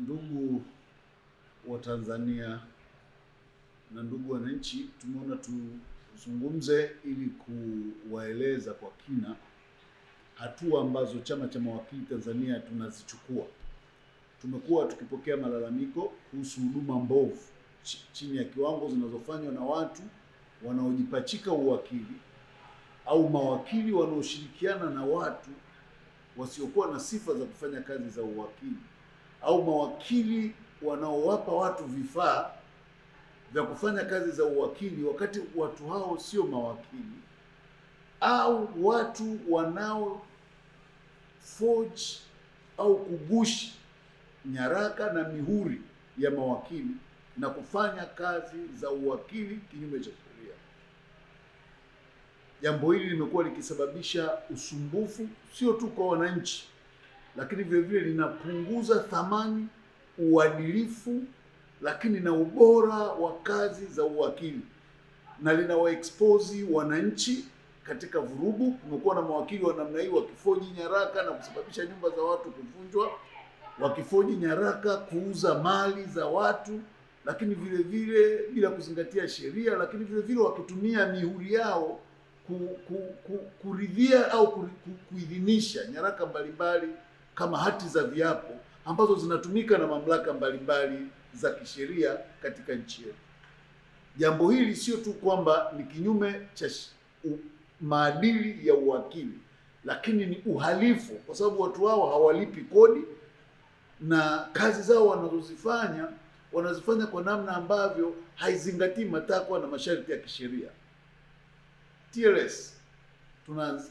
Ndugu wa Tanzania na ndugu wananchi, tumeona tuzungumze ili kuwaeleza kwa kina hatua ambazo chama cha mawakili Tanzania tunazichukua. Tumekuwa tukipokea malalamiko kuhusu huduma mbovu chini ya kiwango zinazofanywa na watu wanaojipachika uwakili au mawakili wanaoshirikiana na watu wasiokuwa na sifa za kufanya kazi za uwakili au mawakili wanaowapa watu vifaa vya kufanya kazi za uwakili, wakati watu hao sio mawakili, au watu wanao forge au kugushi nyaraka na mihuri ya mawakili na kufanya kazi za uwakili kinyume cha sheria. Jambo hili limekuwa likisababisha usumbufu sio tu kwa wananchi lakini vile vile linapunguza thamani, uadilifu, lakini na ubora wa kazi za uwakili na linawaexpose wananchi katika vurugu. Kumekuwa na mawakili wa namna hii wakifoji nyaraka na kusababisha nyumba za watu kuvunjwa, wakifoji nyaraka, kuuza mali za watu, lakini vile vile bila kuzingatia sheria, lakini vile vile wakitumia mihuri yao ku, ku, ku, kuridhia au kuidhinisha nyaraka mbalimbali kama hati za viapo ambazo zinatumika na mamlaka mbalimbali za kisheria katika nchi yetu. Jambo hili sio tu kwamba ni kinyume cha maadili ya uwakili, lakini ni uhalifu, kwa sababu watu hao hawalipi kodi na kazi zao wanazozifanya wanazifanya kwa namna ambavyo haizingatii matakwa na masharti ya kisheria. TLS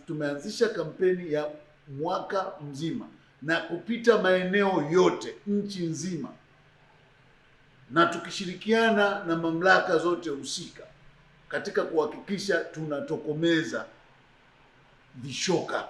tumeanzisha kampeni ya mwaka mzima na kupita maeneo yote nchi nzima, na tukishirikiana na mamlaka zote husika katika kuhakikisha tunatokomeza vishoka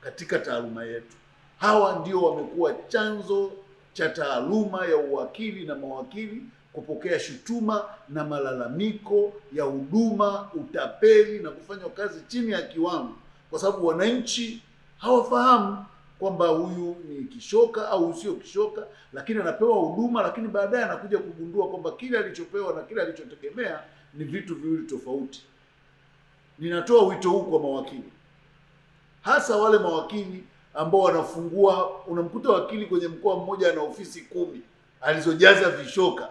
katika taaluma yetu. Hawa ndio wamekuwa chanzo cha taaluma ya uwakili na mawakili kupokea shutuma na malalamiko ya huduma, utapeli na kufanywa kazi chini ya kiwango, kwa sababu wananchi hawafahamu kwamba huyu ni kishoka au sio kishoka, lakini anapewa huduma, lakini baadaye anakuja kugundua kwamba kile alichopewa na kile alichotegemea ni vitu viwili tofauti. Ninatoa wito huu kwa mawakili, hasa wale mawakili ambao wanafungua. Unamkuta wakili kwenye mkoa mmoja ana ofisi kumi alizojaza vishoka,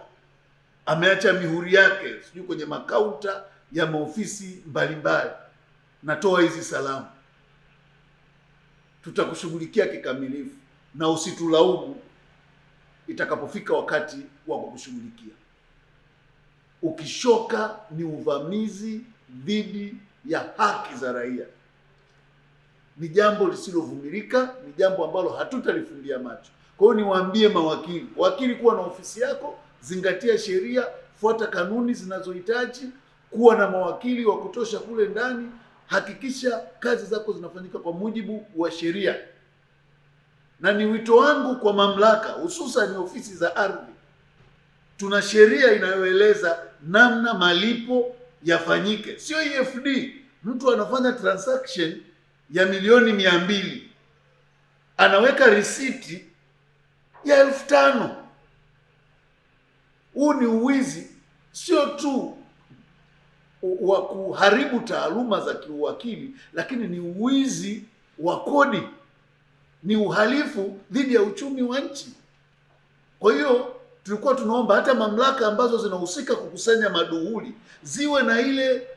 ameacha mihuri yake sijui kwenye makaunta ya maofisi mbalimbali. Natoa hizi salamu tutakushughulikia kikamilifu na usitulaumu itakapofika wakati wa kukushughulikia. Ukishoka ni uvamizi dhidi ya haki za raia, ni jambo lisilovumilika, ni jambo ambalo hatutalifumbia macho. Kwa hiyo niwaambie mawakili, wakili, kuwa na ofisi yako, zingatia sheria, fuata kanuni zinazohitaji, kuwa na mawakili wa kutosha kule ndani hakikisha kazi zako zinafanyika kwa mujibu wa sheria, na ni wito wangu kwa mamlaka, hususan ofisi za ardhi. Tuna sheria inayoeleza namna malipo yafanyike, sio EFD. Mtu anafanya transaction ya milioni mia mbili anaweka risiti ya elfu tano Huu ni uwizi, sio tu wa kuharibu taaluma za kiuwakili, lakini ni uwizi wa kodi, ni uhalifu dhidi ya uchumi wa nchi. Kwa hiyo tulikuwa tunaomba hata mamlaka ambazo zinahusika kukusanya maduhuli ziwe na ile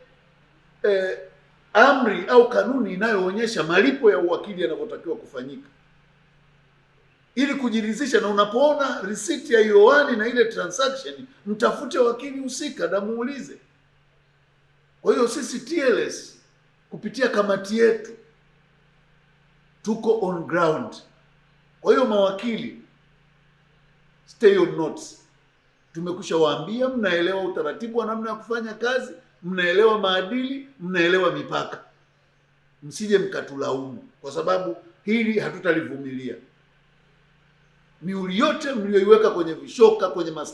eh, amri au kanuni inayoonyesha malipo ya uwakili yanavyotakiwa kufanyika ili kujiridhisha. Na unapoona risiti ya yoani na ile transaction, mtafute wakili husika na muulize. Kwa hiyo sisi TLS kupitia kamati yetu tuko on ground. Kwa hiyo mawakili, stay on notes Tumekusha waambia, mnaelewa utaratibu wa namna ya kufanya kazi, mnaelewa maadili, mnaelewa mipaka. Msije mkatulaumu, kwa sababu hili hatutalivumilia. Miuli yote mliyoiweka kwenye vishoka, kwenye ma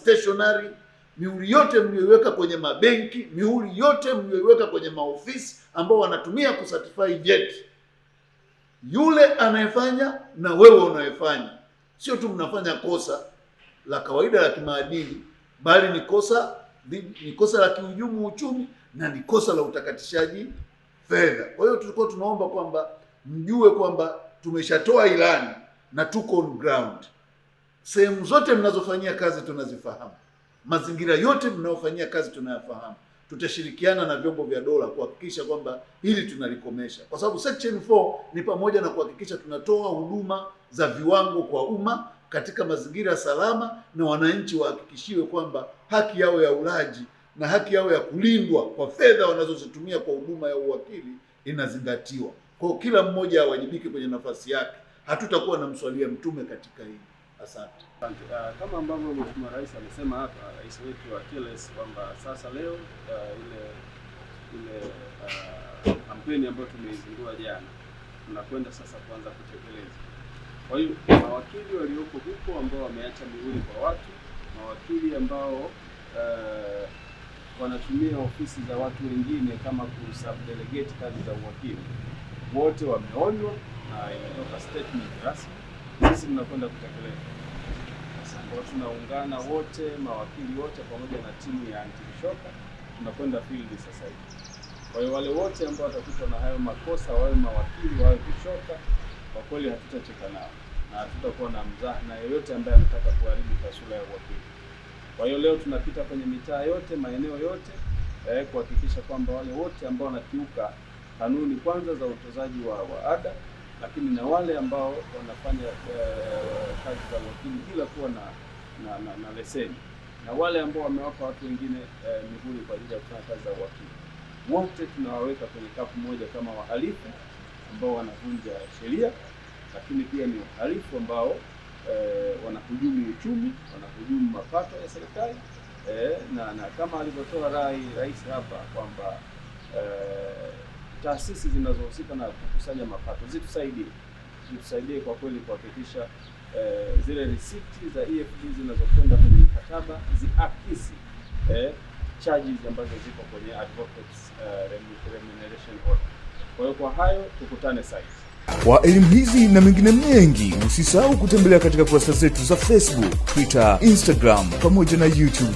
mihuri yote mliyoiweka kwenye mabenki, mihuri yote mliyoiweka kwenye maofisi ambao wanatumia kusatifai vyeti, yule anayefanya na wewe unayefanya, sio tu mnafanya kosa la kawaida la kimaadili, bali ni kosa ni kosa la kihujumu uchumi na ni kosa la utakatishaji fedha. Kwa hiyo tulikuwa tunaomba kwamba mjue kwamba tumeshatoa ilani na tuko on ground. Sehemu zote mnazofanyia kazi tunazifahamu mazingira yote mnayofanyia kazi tunayafahamu. Tutashirikiana na vyombo vya dola kuhakikisha kwamba hili tunalikomesha, kwa sababu section 4 ni pamoja na kuhakikisha tunatoa huduma za viwango kwa umma katika mazingira salama, na wananchi wahakikishiwe kwamba haki yao ya ulaji na haki yao ya kulindwa kwa fedha wanazozitumia kwa huduma ya uwakili inazingatiwa. Kwa kila mmoja awajibike kwenye nafasi yake. Hatutakuwa na mswalia mtume katika hili. Asante. Uh, kama ambavyo Mheshimiwa Rais amesema hapa, rais wetu wa TLS kwamba sasa leo uh, ile ile ah, kampeni uh, ambayo tumeizindua jana tunakwenda sasa kuanza kutekeleza. Kwa hiyo mawakili walioko huko ambao wameacha mihuri kwa watu, mawakili ambao uh, wanatumia ofisi za watu wengine kama kusubdelegate kazi za uwakili, wote wameonywa na imetoka statement rasmi sisi tunakwenda kutekeleza. Kwa tunaungana wote, mawakili wote pamoja na timu ya antivishoka tunakwenda field sasa hivi. Kwa hiyo wale wote ambao watakutwa na hayo makosa, wawe mawakili wawe vishoka, kwa kweli hatutacheka nao na hatutakuwa na na yoyote ambaye anataka kuharibu taswira ya uwakili. Kwa hiyo leo tunapita kwenye mitaa yote, maeneo yote eh, kuhakikisha kwamba wale wote ambao wanakiuka kanuni kwanza za utozaji wa, wa ada lakini na wale ambao wanafanya eh, kazi za wakili bila kuwa na, na, na, na leseni na wale ambao wamewapa watu wengine uh, mihuri kwa ajili ya kufanya kazi za wakili, wote tunawaweka kwenye kapu moja kama wahalifu ambao wanavunja sheria, lakini pia ni wahalifu ambao eh, wanahujumu uchumi, wanahujumu mapato ya serikali eh, na, na kama alivyotoa rai rais hapa kwamba eh, taasisi zinazohusika na kukusanya mapato zitusaidie, zitusaidie kwa kweli kuhakikisha eh, zile risiti za EFD zinazokwenda kwenye mkataba ziakisi eh, charges ambazo ziko kwenye advocates uh, remuneration order. Kwa hiyo kwa hayo tukutane saizi. Kwa elimu hizi na mengine mengi, usisahau kutembelea katika kurasa zetu za Facebook, Twitter, Instagram pamoja na YouTube.